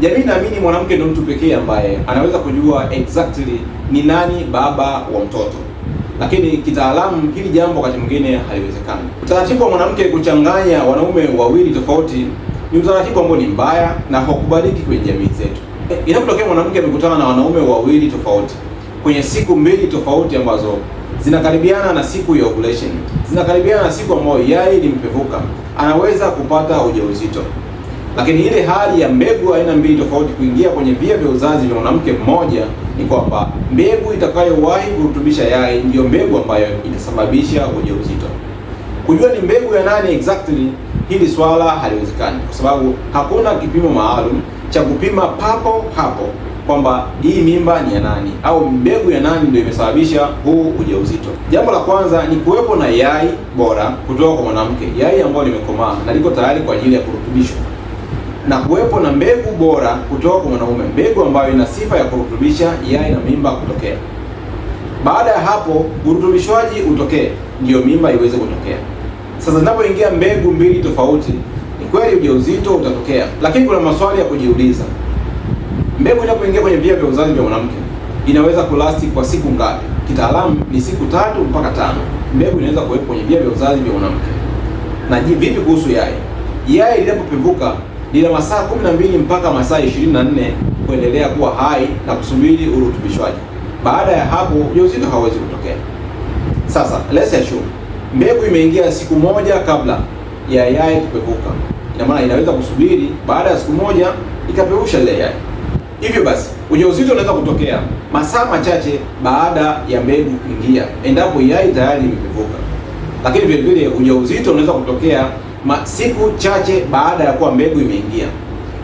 Jamii naamini mwanamke ndio mtu pekee ambaye anaweza kujua exactly ni nani baba wa mtoto, lakini kitaalamu hili jambo wakati mwingine haliwezekani. Utaratibu wa mwanamke kuchanganya wanaume wawili tofauti ni utaratibu ambao ni mbaya na haukubaliki kwenye jamii zetu. Eh, inapotokea mwanamke amekutana na wanaume wawili tofauti kwenye siku mbili tofauti ambazo zinakaribiana na siku ya ovulation, zinakaribiana na siku ambayo yai limepevuka, anaweza kupata ujauzito. Lakini ile hali ya mbegu aina mbili tofauti kuingia kwenye via vya uzazi vya mwanamke mmoja ni kwamba mbegu itakayowahi kurutubisha yai ndiyo mbegu ambayo itasababisha ujauzito. Kujua ni mbegu ya nani exactly, hili swala haliwezekani, kwa sababu hakuna kipimo maalum cha kupima papo hapo kwamba hii mimba ni ya nani au mbegu ya nani ndio imesababisha huu ujauzito. Jambo la kwanza ni kuwepo na yai bora kutoka kwa mwanamke, yai ambayo limekomaa na liko tayari kwa ajili ya kurutubishwa na kuwepo na mbegu bora kutoka kwa mwanaume, mbegu ambayo ina sifa ya kurutubisha yai na mimba kutokea. Baada ya hapo urutubishwaji utokee, ndiyo mimba iweze kutokea. Sasa zinapoingia mbegu mbili tofauti, ni kweli ujauzito utatokea, lakini kuna maswali ya kujiuliza. Mbegu inapoingia kwenye via vya uzazi vya mwanamke inaweza kulasti kwa siku ngapi? Kitaalamu ni siku tatu mpaka tano, mbegu inaweza kuwepo kwenye via vya uzazi vya mwanamke. Na vipi kuhusu yai? Yai linapopevuka lina masaa 12 mpaka masaa 24 kuendelea kuwa hai na kusubiri urutubishwaji. Baada ya hapo ujauzito hawezi kutokea. Sasa let's assume mbegu imeingia siku moja kabla ya yai kupevuka, ina maana inaweza kusubiri baada ya siku moja ikapevusha ile yai. Hivyo basi ujauzito unaweza kutokea masaa machache baada ya mbegu kuingia, endapo yai tayari imepevuka. Lakini vile vile ujauzito unaweza kutokea ma, siku chache baada ya kuwa mbegu imeingia,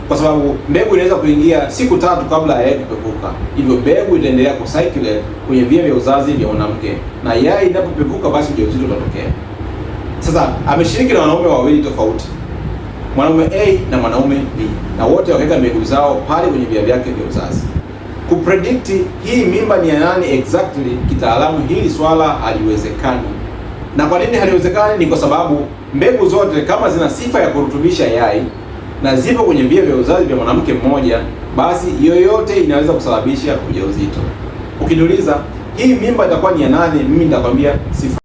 kwa sababu mbegu inaweza kuingia siku tatu kabla ya yai kupevuka. Hivyo mbegu itaendelea cycle kwenye via vya uzazi vya mwanamke, na yai inapopevuka, basi ujauzito utatokea. Sasa ameshiriki na wanaume wawili tofauti, mwanaume A na mwanaume B, na wote wakaweka mbegu zao pale kwenye via vyake vya uzazi. Kupredict hii mimba ni ya nani exactly, kitaalamu hili swala haliwezekani. Na kwa nini haliwezekani? Ni kwa sababu mbegu zote kama zina sifa ya kurutubisha yai na zipo kwenye via vya uzazi vya mwanamke mmoja, basi yoyote inaweza kusababisha ujauzito. Ukiniuliza hii mimba itakuwa ni ya nani, mimi nitakwambia sifa